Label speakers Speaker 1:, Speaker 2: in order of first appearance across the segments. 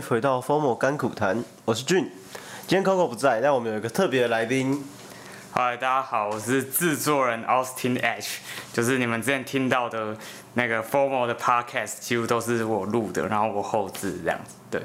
Speaker 1: 回到 FOMO 甘苦談，我是 Jun。今天 Coco 不在，但我們有一個特別
Speaker 2: 的來賓。嗨，大家好，我是製作人 Austin H。就是你們之前聽到的那個 FOMO 的 Podcast，幾乎都是我錄的，然後我後製這樣子。對，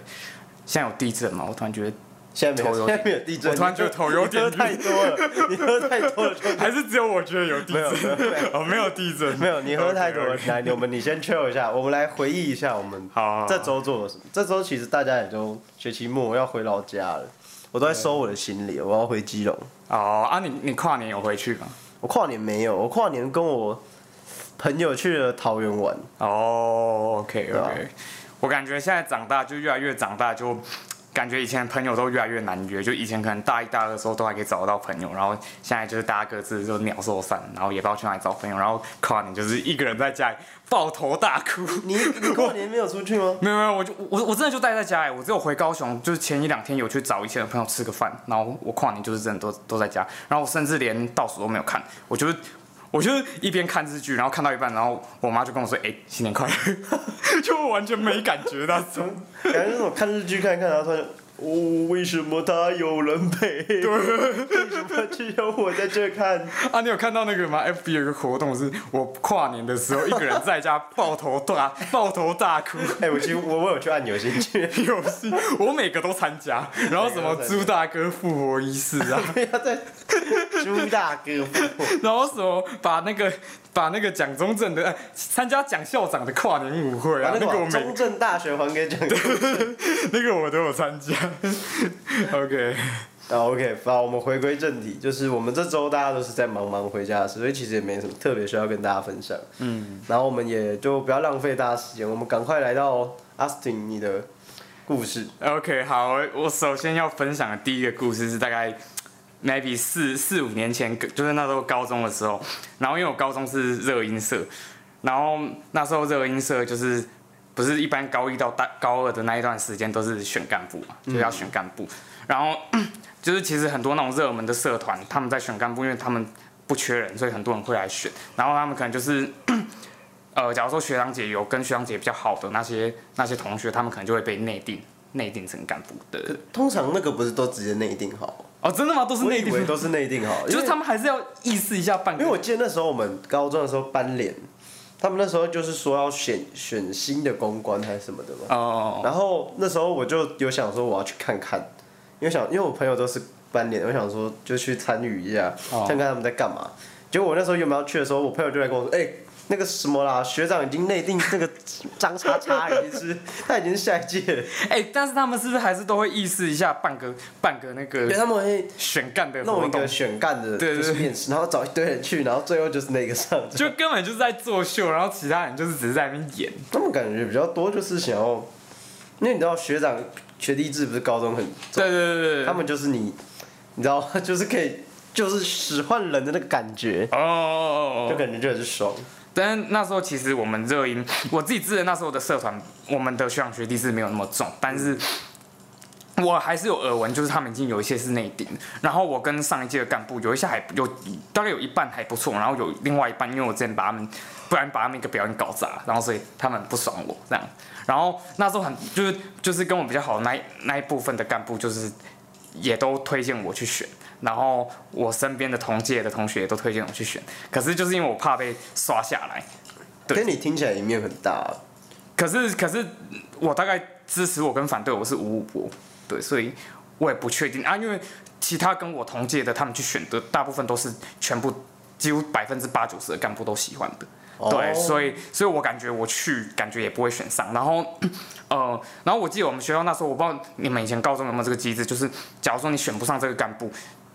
Speaker 2: 現在有地震嘛？我突然覺得。現在，沒有現在沒有地震，我突然覺得頭有點喝太多了，你喝太多了，還是只有我覺得有地震？ 喝了 喝了 哦，沒有地震，
Speaker 1: 沒有，你喝太多了。來，你們你先 chill 一下，我們來回憶一下我們好啊好啊好啊這週做了什麼。這週其實大家也都學期末要回老家了，我都在收我的行李，我要回基隆。哦、oh，啊，你你跨年有回去嗎？我跨年沒有，我跨年跟我朋友去了桃園玩。哦、
Speaker 2: oh, okay，OK OK，我感覺現在長大就越來越長大就。感覺以前朋友都越來越難約，就以前可能大一、大二的時候都還可以找得到朋友，然後現在就是大家各自就是鳥獸散，然後也不知道去哪裡找朋友。然後跨年就是一個人在家裡抱頭大哭。你你跨年沒有出去嗎？沒有沒有，我就我我真的就待在家、欸、我只有回高雄，就是前一兩天有去找以前的朋友吃個飯。然後我跨年就是真的都都在家，然後我甚至連倒數都沒有看。我覺得。我就是一邊看日劇，然後看到一半，然後我媽就跟我說：“哎、欸，新年快樂！” 就完全沒感覺 那種
Speaker 1: 感覺是我看日劇看一看，然後他就。哦，為什麼他有人陪？對，為什麼
Speaker 2: 他只有我在這看？啊，你有看到那個嗎？FB、欸、有一個活動是，是我跨年的時候一個人在家抱頭大 抱頭大哭。哎、欸，我其實我我有去按遊戲去，遊戲我每個都參加,加，然後什麼朱大哥復活儀式啊，朱 大哥，復活。然後什麼把那個把那個蔣中正的參、欸、加蔣校長的跨年舞會啊，啊那個、那個我每中正大學還給蔣校
Speaker 1: 長， 那個我都有參加。 okay. OK，好，OK，好，我們回歸正題，就是我們這周大家都是在忙忙回家的事，所以其實也沒什麼特別需要跟大家分享。嗯，然後我們也就不要浪費大家時間，我們趕快來到 Austin 你的
Speaker 2: 故事。OK，好，我首先要分享的第一個故事是大概 maybe 四四五年前，就是那時候高中的時候，然後因為我高中是熱音社，然後那時候熱音社就是。不是一般高一到大高二的那一段時間都是選幹部嘛，就是、要選幹部、嗯。然後、嗯、就是其實很多那種熱門的社團，他們在選幹部，因為他們不缺人，所以很多人會來選。然後他們可能就是，呃，假如說學長姐有跟學長姐比較好的那些那些同學，他們可能就會被內定內定成幹部的。通常那個不是都直接內定好？哦，真的嗎？都是
Speaker 1: 內定，都是內定好。就是他們還是要意思一下班。因為我記得那時候我們高中的時候班聯。他們那時候就是說要選選新的公關還是什麼的嘛，oh. 然後那時候我就有想說我要去看看，因為想因為我朋友都是班聯，我想說就去參與一下，oh. 看看他們在幹嘛。結果我那時候有沒有要去的時候，我朋友就來跟我說，欸那個什麼啦，學長已經內定這個張叉叉已經是， 他已經是下一屆了。
Speaker 2: 哎、欸，但是他們是不是還是都會意思一下辦個辦個那個？對、欸，他們會選幹的。弄一個選
Speaker 1: 幹的就是面試，對，然後找一堆人去，然後最後就是那個上。
Speaker 2: 就根本就是在作秀，然後其他
Speaker 1: 人就是只是在那邊演。這種感覺比較多就是想要，因為你知道學長學弟制不是高中很重？對，對對對對。他們就是你，你知道，就
Speaker 2: 是可以就是使喚人的那個感覺哦，oh, oh, oh, oh. 就感覺就是爽。但那時候其實我們熱音，我自己記得那時候的社團，我們的學長學弟是沒有那麼重，但是我還是有耳聞，就是他們已經有一些是內定。然後我跟上一屆的幹部有，有一些還有大概有一半還不錯，然後有另外一半，因為我之前把他們，不然把他們一個表演搞砸，然後所以他們不爽我這樣。然後那時候很就是就是跟我比較好的那那一部分的幹部就是。也都推薦我去選，然後我身邊的同屆的同學也都推薦我去選，可是就是因為我怕被刷下來。對跟你聽起來也沒有很大啊，可是可是我大概支持我跟反對我是五五波，對，所以我也不確定啊，因為其他跟我同屆的他們去選的大部分都是全部幾乎百分之八九十的幹部都喜歡的。Oh. 對，所以，所以我感覺我去，感覺也不會選上。然後，嗯、呃，然後我記得我們學校那時候，我不知道你們以前高中有沒有這個機制，就是假如說你選不上這個幹部，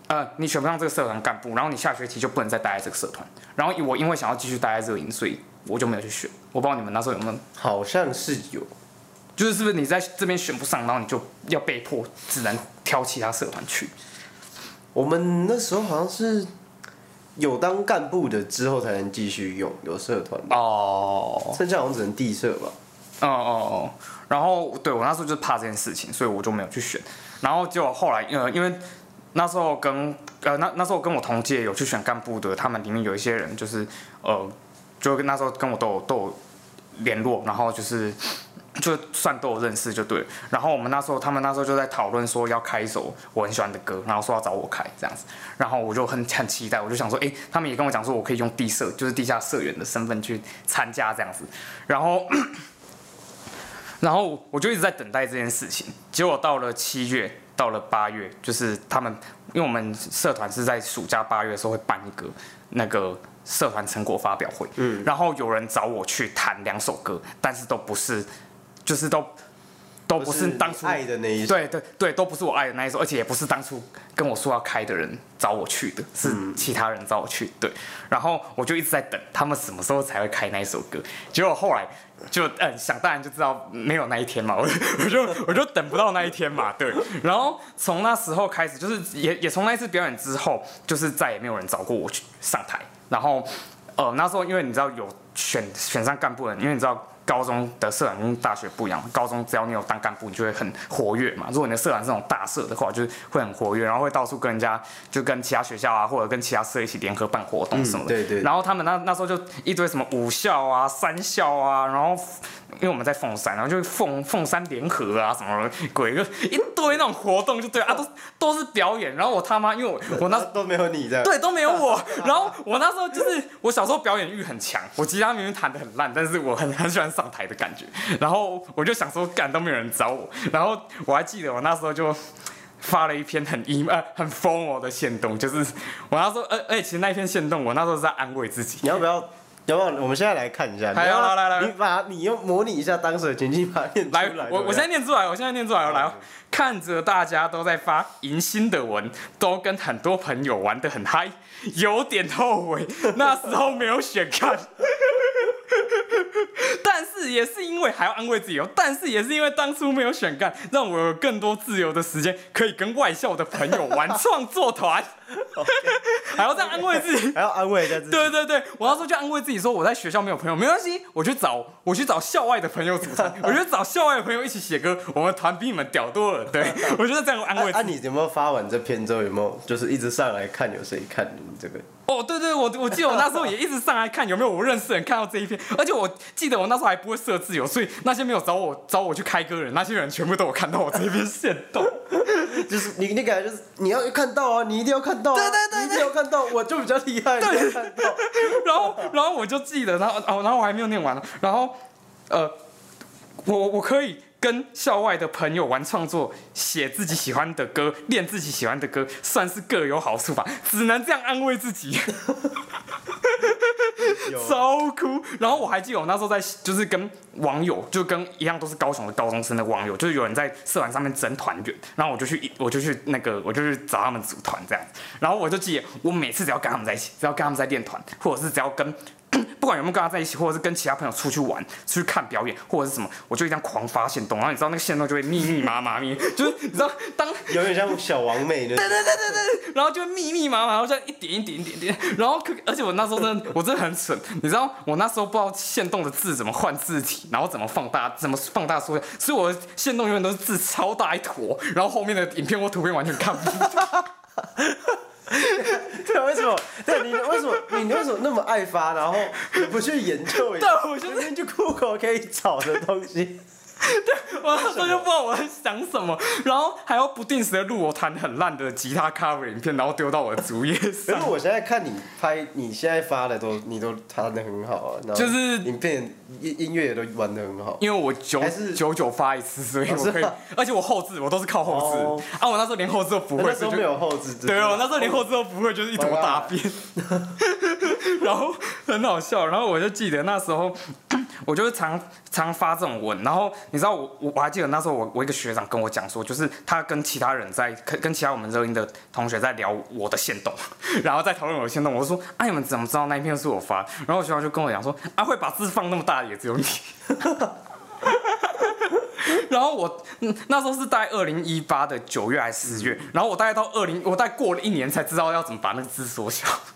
Speaker 2: 呃，你選不上這個社團幹部，然後你下學期就不能再待在這個社團。然後我因為想要繼續待在熱音，所以我就沒有去選。我不知道你們那時候有沒有？好像是有，就是是不是你在這邊選不上，然後你就要被迫只能挑其他社團去？ 我
Speaker 1: 們那時候好像是。有當幹部的之後才能繼續有，有社
Speaker 2: 團哦，oh, 剩
Speaker 1: 下的我只能地社吧。
Speaker 2: 哦哦哦，然後對我那時候就怕這件事情，所以我就沒有去選。然後結果後來呃，因為那時候跟呃那那時候跟我同屆有去選幹部的，他們裡面有一些人就是呃，就跟那時候跟我都有都有聯絡，然後就是。就算都有認識就對，然後我們那時候，他們那時候就在討論說要開一首我很喜歡的歌，然後說要找我開這樣子。然後我就很很期待，我就想說，哎、欸，他們也跟我講說，我可以用地社，就是地下社員的身份去參加這樣子。然後， 然後我就一直在等待這件事情。結果到了七月，到了八月，就是他們，因為我們社團是在暑假八月的時候會辦一個那個社團成果發表會。嗯。然後有人找我去彈兩首歌，但是都不是。就是都都不是當初愛的那一首，對對對，都不是我愛的那一首，而且也不是當初跟我說要開的人找我去的，是其他人找我去。對，然後我就一直在等，他們什麼時候才會開那一首歌？結果後來就嗯，想當然就知道沒有那一天嘛，我就，我就，我就等不到那一天嘛，對。然後從那時候開始，就是也也從那次表演之後，就是再也沒有人找過我去上台。然後呃，那時候因為你知道有選選上幹部的，因為你知道。高中的社長跟大學不一樣，高中只要你有當幹部，你就會很活躍嘛。如果你的社長是那種大社的話，就是會很活躍，然後會到處跟人家就跟其他學校啊，或者跟其他社一起聯合辦活動什麼的。嗯、對，對對。然後他們那那時候就一堆什麼五校啊、三校啊，然後。因為我們在鳳山，然後就鳳鳳山聯合啊什麼鬼，就一堆那種活動，就對啊，都是都是表演。然後我他媽，因為我我那
Speaker 1: 時候都沒有你的，對，
Speaker 2: 都沒有我。 然後我那時候就是我小時候表演欲很強，我吉他明明彈得很爛，但是我很很喜歡上台的感覺。然後我就想說，幹都沒有人找我。然後我還記得我那時候就發了一篇很 emo、呃、很瘋魔的限動，就是我那時候，呃、欸，哎、欸，其實那一篇限動，我那時候是在安慰自己，你要不要？要不我們現在來看一下，來來，你
Speaker 1: 把你又模擬一下當時的情景，把它念出來。我我現在
Speaker 2: 念出來，我現在念出來。我來，看着大家都在發迎新的文，都跟很多朋友玩得很嗨，有點後悔 那時候沒有選看。 但。也是因為還要安慰自己哦，但是也是因為當初沒有選幹，讓我有更多自由的時間可以跟外校的朋友玩創 作團，okay. 還要這樣安慰自己，okay. 還要安慰一下自己。對對對，我那時候就安慰自己說，我在學校沒有朋友沒關係，我去找我去找校外的朋友組團。 我覺得找校外的朋友一起寫歌，我們團比你們屌多了。對，
Speaker 1: 我覺得這樣安慰。那、啊啊、你有沒有發完這篇之後有沒有就是一直上來看有誰看你們這個？
Speaker 2: 哦，對對，對，我我記得我那時候也一直上來看有沒有我認識人看到這一篇，而且我記得我那時候還播。會設自由，所以那些沒有找我找我去開歌的人，那些人全部都有看到我這邊限動，
Speaker 1: 就是你你感覺就是你要看到啊，你一定要看到，啊對對對對要看
Speaker 2: 到，對對對，一定要看到，我就比較厲害，一定看到。然後然後我就記得，然後哦然後我還沒有念完呢？然後呃，我我可以跟校外的朋友玩創作，寫自己喜歡的歌，練自己喜歡的歌，算是各有好處吧，只能這樣安慰自己。 超酷！ 然後我還記得我那時候在，就是跟網友，就跟一樣都是高雄的高中生的網友，就是有人在社團上面徵團員，然後我就去，我就去那個，我就去找他們組團這樣。然後我就記得，我每次只要跟他們在一起，只要跟他們在練團，或者是只要跟。不管有沒有跟他在一起，或者是跟其他朋友出去玩，出去看表演，或者是什麼，我就一樣狂發限動。然後你知道那個限動就會密密麻麻，密， 就是 你知道當有點像小王妹的，就是，對 對對對對，然後就密密麻麻，然後就一點一點一點點，然後可而且我那時候真的我真的很蠢， 你知道我那時候不知道限動的字怎麼換字體，然後怎麼放大，怎麼放大縮小，所以我限動永遠都是字超大一坨，然後後面的影片或圖片完全看不出。
Speaker 1: 對，為什麼對對？對，你為什麼？你為什麼那麼愛發？然後也不去研究一下？對，
Speaker 2: 我就先句酷狗可以找的東西。對，我那時候就不知道我在想什麼，然後還要不定時的錄我彈很爛的吉他 cover 影片，然後丟到我的主頁上。所以我
Speaker 1: 現在看你拍，你現在發的都你都彈得很好啊，是影片，就。是音音樂也都玩得很好，
Speaker 2: 因為我九九九發一次，所以我可以，而且我後製，我都是靠後製、oh. 啊，我那時候連後製都不會，那沒有後製對，我那時候連後製都不會，就是一坨大便，oh. Oh. 然後很好笑，然後我就記得那時候，我就是常常發這種文，然後你知道我我還記得那時候我我一個學長跟我講說，就是他跟其他人在跟其他我們熱音的同學在聊我的限動，然後在討論我的限動，我說，啊你們怎麼知道那一篇是我發？然後學長就跟我講說，啊會把字放那麼大。也只有你 然後我那時候是大概二零一八的九月還是十月，然後我大概到二零，我大概過了一年才知道要怎麼把那個字縮小。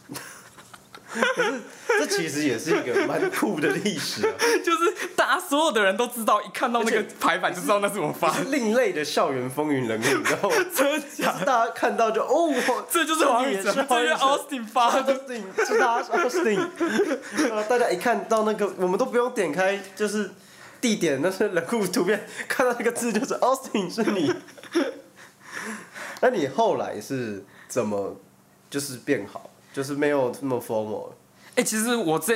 Speaker 2: 可是這其實也是一個蠻酷的歷史，啊， 就是大家所有的人都知道，一看到那個排版就知道那是我發的，
Speaker 1: 就是，另類的校園風雲人物，然後，就是，大家看到就哦，哦，這就是我，這就是 Austin 發的 a 大家是 Austin，大家一看到那個，我們都不用點開，就是地點那些冷酷圖片，看到那個字就是 Austin 是你。那 你後來是怎麼就是變好，就是沒有那麼 FOMO？
Speaker 2: 哎、欸，其實我這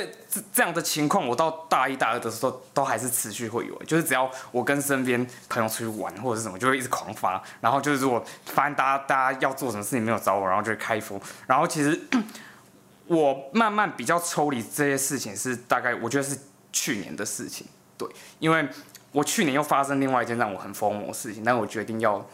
Speaker 2: 這樣的情況，我到大一大二的時候，都還是持續會有、欸，就是只要我跟身邊朋友出去玩或者是什麽，就會一直狂發。然後就是如果發現大家大家要做什麽事情沒有找我，然後就會開封，然後其實我慢慢比較抽離這些事情是大概我覺得是去年的事情。對，因為我去年又發生另外一件讓我很瘋的事情，但我決定要，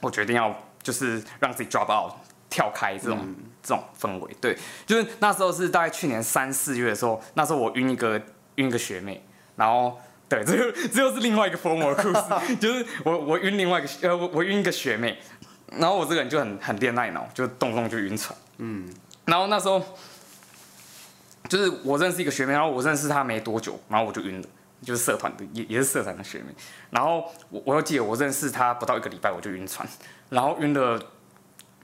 Speaker 2: 我決定要就是讓自己 drop out 跳開這種。嗯這種氛圍，對，就是那時候是大概去年三四月的時候，那時候我暈一個暈一個學妹，然後對，這又這又是另外一個 FOMO 就是我我暈另外一個呃我暈一個學妹，然後我這個人就很很戀愛腦，然後就動不動就暈船，嗯，然後那時候就是我認識一個學妹，然後我認識她沒多久，然後我就暈了，就是社團的也也是社團的學妹，然後我我又記得我認識她不到一個禮拜我就暈船，然後暈了。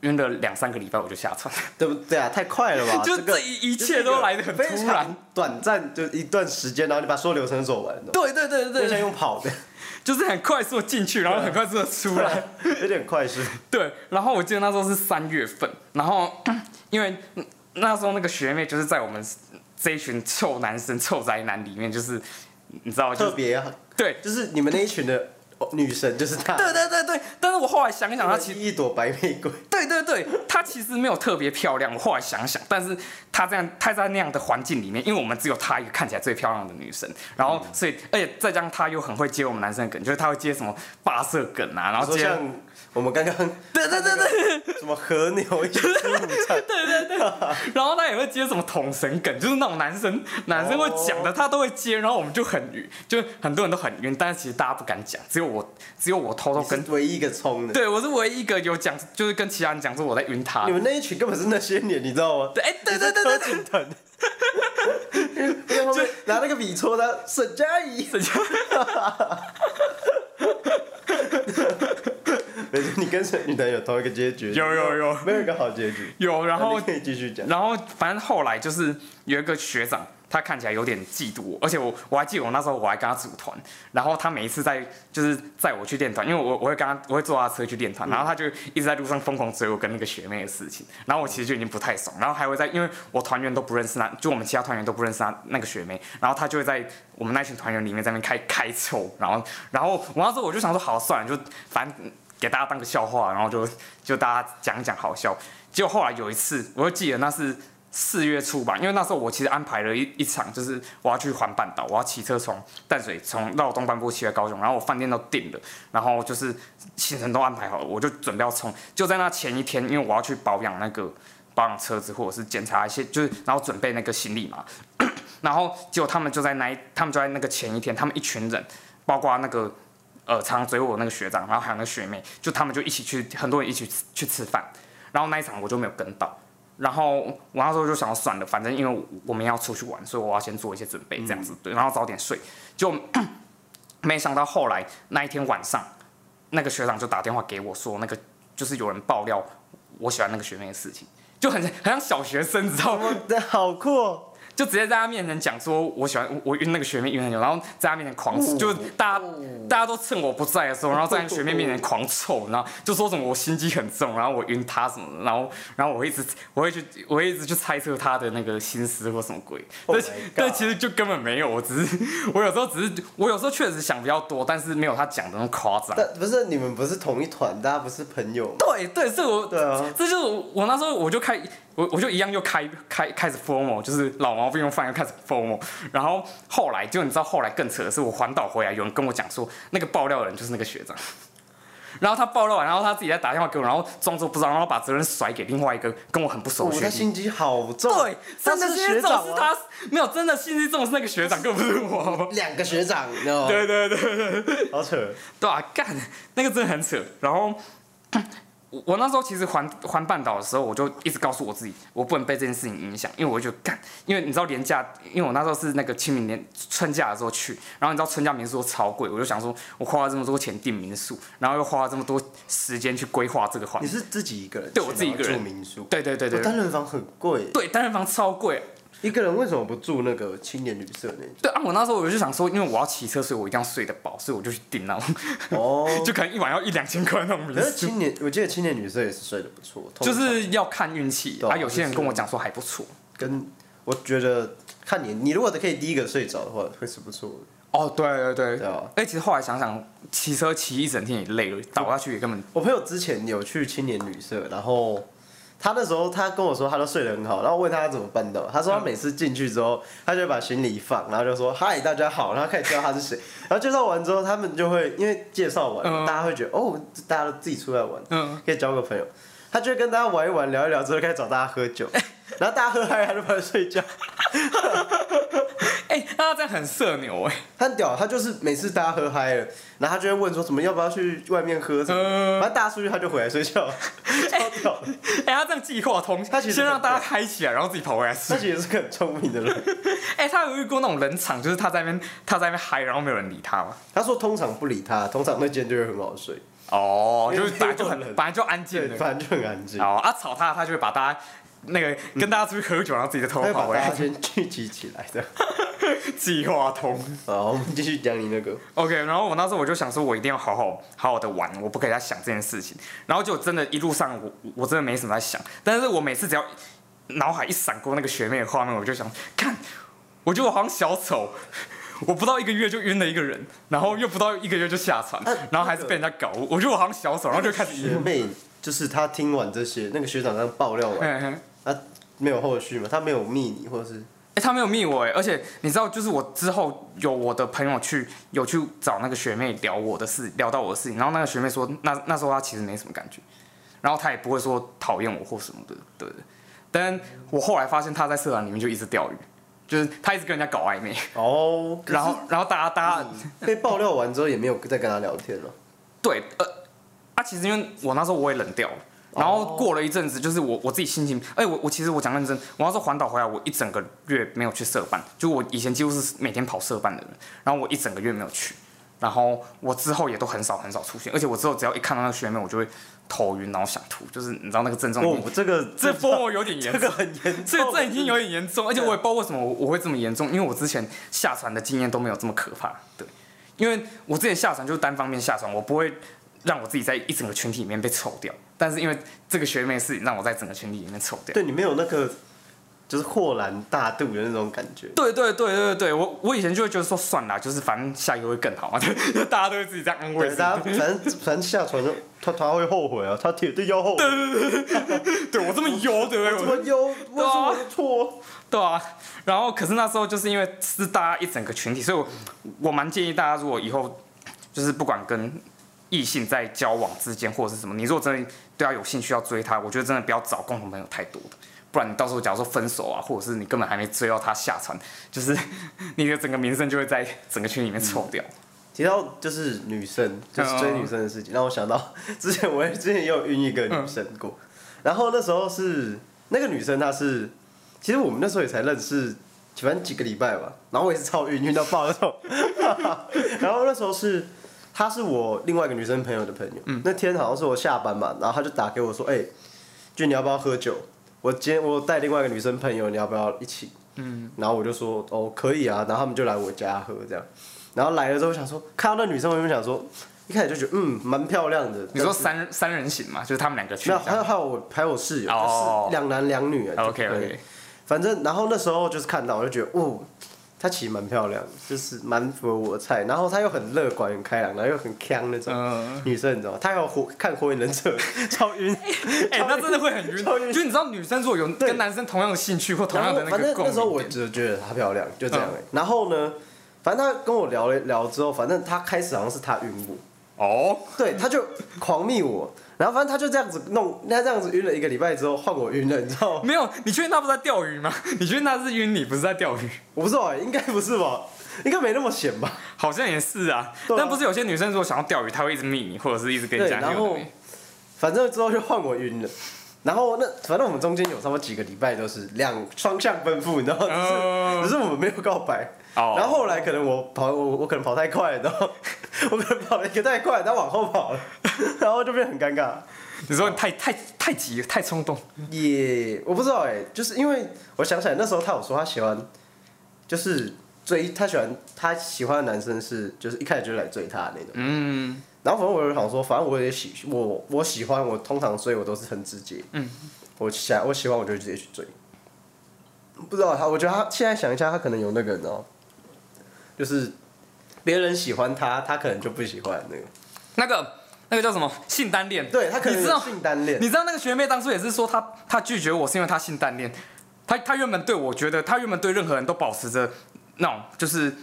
Speaker 2: 用了兩三個禮拜我就下船，對不對啊？太快了吧！ 這個、就這一切都來的很突然，短暫，就
Speaker 1: 一段時間，然後你把所有流程走完。對
Speaker 2: 對對對對，就像用跑的， 就是很快速進去，然後很快速的出來，對啊對啊有點快速。 對，然後我記得那時候是三月份，然後因為那時候那個學妹就是在我們這一群臭男生、臭宅男裡面，就是你知道、就是，特別對，就是你們那一群的。女神就是她，對對對對，但是我後來想一想，她其實一朵白玫瑰， 對對對，她其實沒有特別漂亮。我後來想想，但是她這樣，她在那樣的環境裡面，因為我們只有她一個看起來最漂亮的女生。然後所以，而且再加上她又很會接我們男生的梗，就是她會接什麼八色梗啊，然後接。我們剛剛對對對對，什麼和牛一樣，對對對，然後他也會接什麼統神梗，就是那種男生男生會講的，他都會接，然後我們就很暈，就很多人都很暈，但是其實大家不敢講，只有我只有我偷偷跟唯一一個衝的對，對我是唯一一個有講，就是跟其他人講說我在暈他。你們那一群根本是那些年，你知道嗎？對、欸，哎對對對對，柯景騰
Speaker 1: 就拿那個筆戳他、啊，沈佳宜。沈佳 你跟誰？你倆有同一個結局？有有有，有，沒有一個好結局。
Speaker 2: 有，然後可以繼續講。然後反正後來就是有一個學長，他看起來有點嫉妒我，而且我我還記得我那時候我還跟他組團，然後他每一次在就是載我去練團，因為我我會跟他我會坐他車去練團，然後他就一直在路上瘋狂追我跟那個學妹的事情，然後我其實就已經不太爽，然後還會在，因為我團員都不認識他，就我們其他團員都不認識他那，那個學妹，然後他就會在我們那群團員裡面在那邊開開車，然後然後完了之後我就想說好了算了，就反正。給大家當個笑話，然後就就大家講講好笑。結果後來有一次，我就記得那是四月初吧，因為那時候我其實安排了一一場，就是我要去環半島，我要騎車從淡水從繞東半部騎到高雄，然後我飯店都訂了，然後就是行程都安排好了，我就準備要從就在那前一天，因為我要去保養那個保養車子，或者是檢查一些，就是然後準備那個行李嘛，咳咳。然後結果他們就在那一，他們就在那個前一天，他們一群人，包括那個。呃，常常追我那個學長，然後還有那個學妹，就他們就一起去，很多人一起去吃飯，然後那一場我就沒有跟到，然後我那時候就想算了，反正因為我們要出去玩，所以我要先做一些準備，這樣子，嗯對，然後早點睡，就沒想到後來那一天晚上，那個學長就打電話給我說，那個就是有人爆料我喜歡那個學妹的事情，就很很像小學生，知道嗎？好酷，哦。就直接在他面前講說，我喜歡我暈那個學妹暈很久，然後在他面前狂，嗯、就是大家、嗯、大家都趁我不在的時候，然後在學妹面，面，面前狂臭，然後就說什麼我心機很重，然後我暈他什麼的，然後然後我一直我會去，我會一直去猜測他的那個心思或什麼鬼，但、oh、但其實就根本沒有，我只是我有時候只是我有時候確實想比較多，但是沒有他講的那麼誇張。但
Speaker 1: 不是你們不是同一團，大家不是朋友。
Speaker 2: 對對，是我。對啊。這就是我，我那時候我就開。我我就一樣又開開開始 FOMO，就是老毛病又犯又開始 FOMO。然後後來就你知道後來更扯的是，我環島回來有人跟我講說，那個爆料人就是那個學長，然後他爆料完，然後他自己再打電話給我，然後裝作不知道，然後把責任甩給另外一個跟我很不熟悉。他、哦、的心機好重。對，但是心機是他、他是、啊、沒有真的心機重的是那個學長，更不是我。兩個學長，你知
Speaker 1: 道
Speaker 2: 嗎？對對對，好扯。對啊，幹，那個真的很扯，然後。嗯我我那時候其實環環半島的時候，我就一直告訴我自己，我不能被這件事情影響，因為我就干，因為你知道連假，因為我那時候是那個清明年春假的時候去，然後你知道春假民宿都超貴，我就想說，我花了這麼多錢訂民宿，然後又花了這麼多時間去規劃這個環，你是自己一個人對，我自己一個人住民宿，對對對對，對，單人房很貴，對，單人房超貴。一個人為什麼不住那個青年旅社呢？對啊，我那時候我就想說，因為我要騎車，所以我一定要睡得飽，所以我就去訂那種，哦呵呵，就可能一晚要一兩千塊那種。可是青年，
Speaker 1: 我記得青年旅社也是睡得不錯，就是要看運氣
Speaker 2: 啊，就是、啊。有些人跟我講說還不錯，跟我覺得看你，你如果可以第一個睡着的話，會是不錯。哦，對對對，哎，其實後來想想，騎車騎一整天
Speaker 1: 也累了，倒下去也根本我……我朋友之前有去青年旅社，然後。他那時候，他跟我說，他都睡得很好。然後我問他要怎麼辦的，他說他每次進去之後，他就把行李一放，然後就說“嗯、嗨，大家好”，然後開始介紹他是誰。然後介紹完之後，他們就會因為介紹完、嗯，大家會覺得哦，大家都自己出來玩，嗯，可以交個朋友。他就會跟大家玩一玩，聊一聊之後，開始找大家喝酒， 然後大家喝嗨，他就開始睡覺。 哎、欸，他這樣很社牛。哎、欸，他很屌、啊，他就是每次大家喝嗨了，然後他就會問說什麼，要不要去外面喝什麼，反正然後大家出去，他就回來睡覺，欸、超屌的。哎、欸，他這樣計劃通，
Speaker 2: 他其實先讓大家嗨起來，然後自己跑回來睡覺。他其實也是個很聰明的人。哎、欸，他有遇過那種冷場，就是他在那邊，他在那邊嗨，然後沒有人理他嗎？
Speaker 1: 他說通常不理他，通常那間就會很好睡。
Speaker 2: 哦，就是本來就很冷，本來就安靜，反正就很安靜。哦，啊吵他，他就會把大家。那個跟大家出去喝酒，嗯、然後自己的頭髮， 我要先
Speaker 1: 聚集起來的
Speaker 2: 計劃通。好，我們繼續講你那個。OK，然後我那時候我就想說，我一定要好好好好的玩，我不可以再想這件事情。然後就真的，一路上我我真的沒什麼在想。但是我每次只要腦海一閃過那個學妹的畫面，我就想，看，我覺得我好像小丑。我不到一個月就暈了一個人，然後又不到一個月就下船，啊、然後還是被人家搞。我覺得我好像小丑，啊、然後就開始。學妹
Speaker 1: 就是她聽完這些，那個學長在爆料完了。嘿嘿啊、沒有後續嘛？他沒有密你，或者
Speaker 2: 是？哎、欸，他沒有密我哎，而且你知道，就是我之後有我的朋友去有去找那個學妹聊我的事，聊到我的事情，然後那個學妹說，那那時候她其實沒什麼感覺，然後她也不會說討厭我或什麼的，對不對？但我後來發現他在社團裡面就一直釣魚，就是他一直跟人家搞曖昧哦。然後，然後大家、嗯、大家被爆料完之後也沒有再跟他聊天了。 對，呃，啊，其實因為我那時候我也冷掉了。然後過了一陣子，就是我我自己心情，哎，我我其實我講認真，我要是環島回來，我一整個月沒有去社辦，就我以前幾乎是每天跑社辦的人，然後我一整個月沒有去，然後我之後也都很少很少出現，而且我之後只要一看到那個學妹，我就會頭暈，然後想吐，就是你知道那個症狀。我、哦、這個這風有點嚴，這個很嚴重，這這已經有點嚴重，而且我也不知道為什麼我我會這麼嚴重，因為我之前下船的經驗都沒有這麼可怕，對，因為我之前下船就是單方面下船，我不會讓我自己在一整個群體裡面被抽掉。但是因為這個學妹是讓我在整個群體裡面醜掉。對，對你沒有那個就
Speaker 1: 是豁然大度
Speaker 2: 的那種感覺。對對對對對，我我以前就會覺得說算了，就是反正下一個會更好嘛，就 大家都會自己這樣安慰。對，大家反正
Speaker 1: 反正下船就他他會後悔啊，他鐵定要後悔。對對對對， 對我這麼優對不對？我這麼
Speaker 2: 優，錯、啊我我啊？對啊，然後可是那時候就是因為是大家一整個群體，所以我我蠻建議大家如果以後就是不管跟異性在交往之間或者是什麼，你如果真的。不要有興趣要追她，我覺得真的不要找共同朋友太多，不然你到時候假如說分手啊，或者是你根本還沒追到她下船，就是你的整個名聲就會在整個群裡面臭掉、嗯。
Speaker 1: 提到就是女生，就是追女生的事情，讓、嗯哦、我想到之前我也之前也有暈一個女生過、嗯，然後那時候是那個女生她是，其實我們那時候也才認識，反正幾個禮拜吧，然後我也是超暈暈到爆的那種， 然後那時候是。他是我另外一個女生朋友的朋友、嗯。那天好像是我下班嘛，然後他就打給我說：“哎、欸，俊，你要不要喝酒？我今天我帶另外一個女生朋友，你要不要一起？”嗯、然後我就說：“哦，可以啊。”然後他們就來我家喝這樣。然後來了之後，我想說看到那女生，我就想說，一開始就覺得嗯，蠻漂亮的。你說三
Speaker 2: 三人行嘛，就是他們兩個去。那還
Speaker 1: 有還有還有室友，哦、就是兩男兩女、哦哦。OK OK，、嗯、反正然後那時候就是看到，我就覺得哦。她其實蠻漂亮的，就是蠻符合我的菜，然後她又很樂觀、很開朗，然後又很鏘那種、uh -huh. 女生，你知道嗎？她有火看火影忍者 超暈、 欸欸，超暈，哎，那真的會很暈，就你知道女生如果有跟男生同樣的興趣或同樣的那個共鳴，反正那時候我只是覺得她漂亮，就這樣、欸。Uh. 然後呢，反正她跟我聊了聊了之後，反正她開始好像是她暈、oh. 我，哦，對，她就狂密我。然後反正他就這樣子弄，他這樣子暈了一個禮拜之後換我暈了，你知道
Speaker 2: 嗎？沒有，你確定他不是在釣魚嗎？你確定他是暈你，不是在釣魚？我不知道，應該不是吧？應該沒那麼險吧？好像也是啊，啊但不是有些女生如果想要釣魚，他會一直密你或者是一直跟你講釣魚。
Speaker 1: 反正之後就換我暈了。然後那反正我們中間有差不多幾個禮拜都是兩雙向奔赴，你知道，只是只是我們沒有告白。Oh. 然後後來可能我跑我我可能跑太快了，然後我可能跑了一個太快，然後往後跑了，然後就變得很尷尬。你說太太太太急太衝動？也、yeah, 我不知道哎、欸，就是因為我想起來那時候他有說他喜歡，就是。所以他喜歡他喜歡的男生是就是一開始就是來追他的那種，嗯，然後反正我就想說，反正我也喜我我喜歡我通常追我都是很直接，嗯，我喜我喜歡我就直接去追，不知道他，我覺得他現在想一下，他可能有那個人哦，
Speaker 2: 就是別人喜歡他，他可能就不喜歡那個，那個那個叫什麼？性單戀，對，他可能性單戀，你知道那個學妹當初也是說他他拒絕我是因為他性單戀，他他原本對我覺得他原本對任何人都保持着。那種就是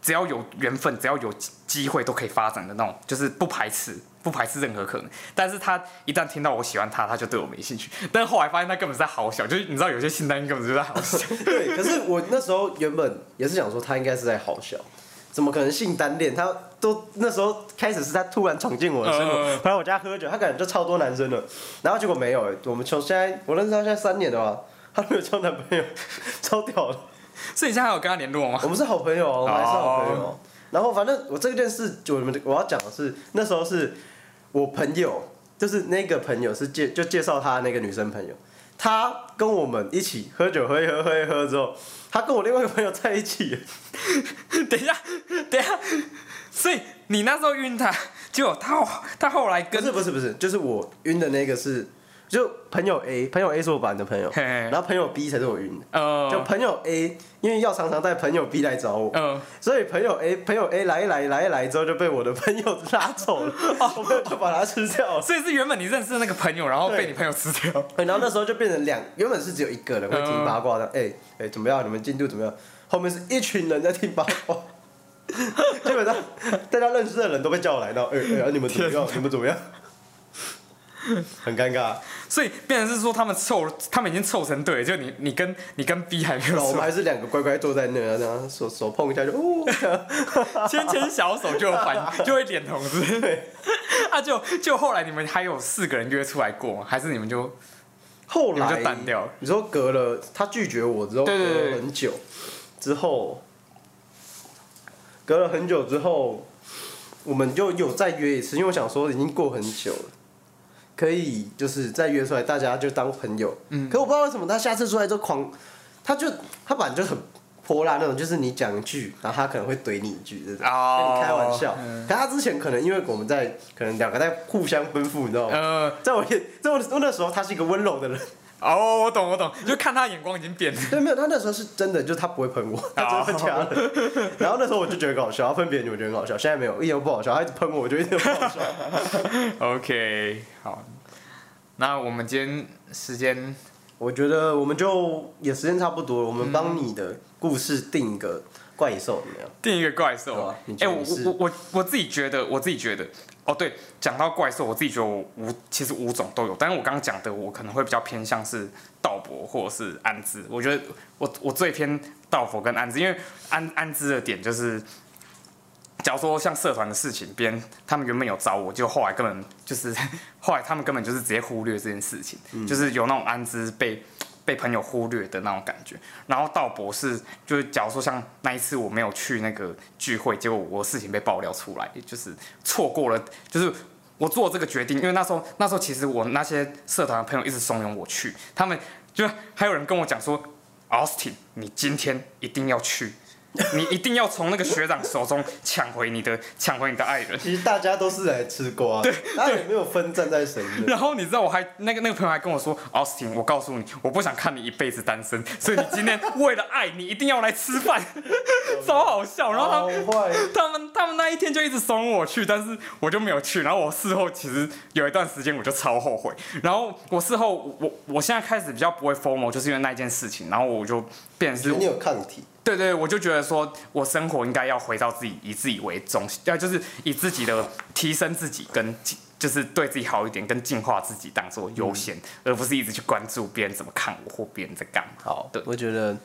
Speaker 2: 只要有緣分，只要有機會都可以發展的那種，就是不排斥，不排斥任何可能。但是他一旦聽到我喜歡他，他就對我沒興趣。但後來發現他根本是在豪小，就是你知道有些性單戀根本就在豪小。
Speaker 1: 對，可是我那時候原本也是想說他應該是在豪小，怎麼可能性單戀？他都那時候開始是他突然闖進我的時候，來、嗯嗯嗯、我家喝酒，他感覺就超多男生了。然後結果沒有、欸，我們從現在我認識他現在三年了，他沒有交男朋友，超屌的。所以你現在還有跟他聯絡嗎？我們是好朋友，哦，還是好朋友？Oh. 然後反正我這件事，我們我要講的是，那時候是我朋友，就是那個朋友是介就介紹他那個女生朋友，他跟我們一起喝酒，喝一喝喝一喝之後，他跟我另外一個朋友在一起。 等一
Speaker 2: 下，等一下，所以你那時候暈他，就他他
Speaker 1: 後來跟，不是不是不是，就是我暈的那個是。就朋友 A，朋友 A 是我版的朋友，hey. 然後朋友 B 才是我暈的。Oh. 就朋友 A，因為要常常帶朋友 B 來找我，oh. 所以朋友 A，朋友 A 來一來來一來,來之後就被我的朋友拉走了，哦、oh.，就
Speaker 2: 把他吃掉了。Oh. Oh. 所以是原本你認識的那個朋友，然後被你朋友吃掉，
Speaker 1: 然後那時候就變成兩，原本是只有一個人會聽八卦的，哎、oh. 哎、欸欸，怎麼樣？你們進度怎麼樣？後面是一群人在聽八卦， 基本上大家認識的人都被叫來到，哎哎，你們聽麼到，你們
Speaker 2: 怎麼樣？Oh. 很尷尬，所以變成是說他們湊，他們已經湊成對，就你你跟你跟 B 還沒有、哦。我們還
Speaker 1: 是兩個乖乖坐在那、啊，然後手手碰一下就
Speaker 2: 哦，牽、啊、牽 小手就反 就會點頭是。對， 啊就就後來你們還有四個人約出來過，還是你們就後來就淡掉？
Speaker 1: 你說隔了他拒絕我之後對對對，隔了很久，之後隔了很久之後，我們就有再約一次，因為我想說已經過很久了。可以，就是再約出來，大家就當朋友。嗯，可我不知道為什麼他下次出來就狂，他就他本來就很潑辣那種，就是你講一句，然後他可能會懟你一句，這種、oh, 跟你開玩笑。嗯、可他之前可能因為我們在，可能兩個在互相奔赴，你知道嗎？Uh, 在我也在我那時候，他是一個溫柔的人。哦、oh，我懂，我
Speaker 2: 懂，就看他眼光已經變了。
Speaker 1: 對，沒有，他那，那時候是真的，就是、他不會噴我，他真是假的。Oh. 然後那時候我就覺得搞笑，他噴別人我覺得很好笑，現在沒有一點不好笑，他一直噴我我覺得有點不
Speaker 2: 好笑。 OK，好，那我們今天時間，我覺
Speaker 1: 得我們就也時間差不多了，我們幫你的故事定一個怪獸
Speaker 2: 沒有？定一個怪獸。啊。哎、欸，我我我我自己覺得，我自己覺得。哦、oh，對，講到怪獸，我自己覺得五，其實五種都有，但是我剛剛講的，我可能會比較偏向是道伯或者是安茲。我覺得我我最偏道佛跟安茲，因為安安茲的點就是，假如說像社團的事情，別人他們原本有找我，就後來根本就是，後來他們根本就是直接忽略這件事情，嗯、就是有那種安茲被。被朋友忽略的那種感覺，然後到博士，就是假如說像那一次我沒有去那個聚會，結果我事情被爆料出來，就是錯過了，就是我做這個決定，因為那時候那時候其實我那些社團的朋友一直慫恿我去，他們就還有人跟我講說，Austin，你今天一定要去。 你一定要從那個學長手中搶回你的，搶 回你的愛人。其實
Speaker 1: 大家都是來吃瓜，對，對沒有分站
Speaker 2: 在誰。然後你知道我還那個那個朋友還跟我說，Austin，我告訴你，我不想看你一輩子單身， 所以你今天為了愛你一定要來吃飯， 超好笑。然後他們他們，他們那一天就一直慫恿我去，但是我就沒有去。然後我事後其實有一段時間我就超後悔。然後我事後我我現在開始比較不會 formal，就是因為那一件事情。然後我就變成是你，你有抗體？對，對對，我就覺得說，我生活應該要回到自己，以自己為中心，要就是以自己的提升自己跟就是對自己好一點，跟進化自己當做優先，嗯，而不是一直去關注別人怎麼看我或別人在幹嘛。對好對，我覺得，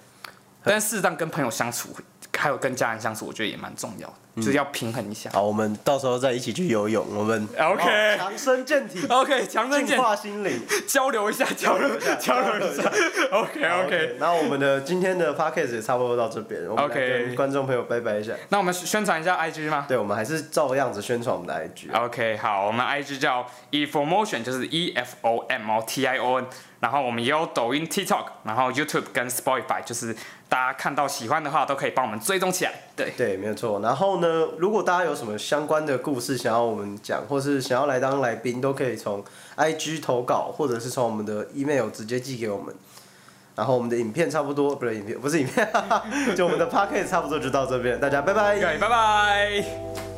Speaker 2: 但事實上跟朋友相處。還有跟家人相處，我覺得也蠻重要的、嗯，
Speaker 1: 就是要平衡一下。好，我們到時候再一起去游泳。我們 OK，強、哦、身健體。OK，強身健體。強化心靈， 交流一下，交流一下，交流一下。OK，OK。那我們的今天的 podcast 也差不多到這邊，OK，我們跟觀眾朋友拜拜一下。Okay. 那我們宣傳一下 IG 嗎？對，我們還是照樣子宣傳我們的 IG。
Speaker 2: OK，好，我們 IG 叫 efomotion，就是 e f o m o t i o n。然後我們也有抖音、TikTok，然後 YouTube 跟 Spotify，就是。大家看到喜歡的話，都可以幫我們追蹤起來。
Speaker 1: 對對，沒有錯。然後呢，如果大家有什麼相關的故事想要我們講，或是想要來當來賓，都可以從 IG 投稿，或者是從我們的 email 直接寄給我們。然後我們的影片差不多，不是影片不是影片，啊， 就我們的 podcast 差不多就到這邊，大家拜拜，拜，okay，
Speaker 2: 拜。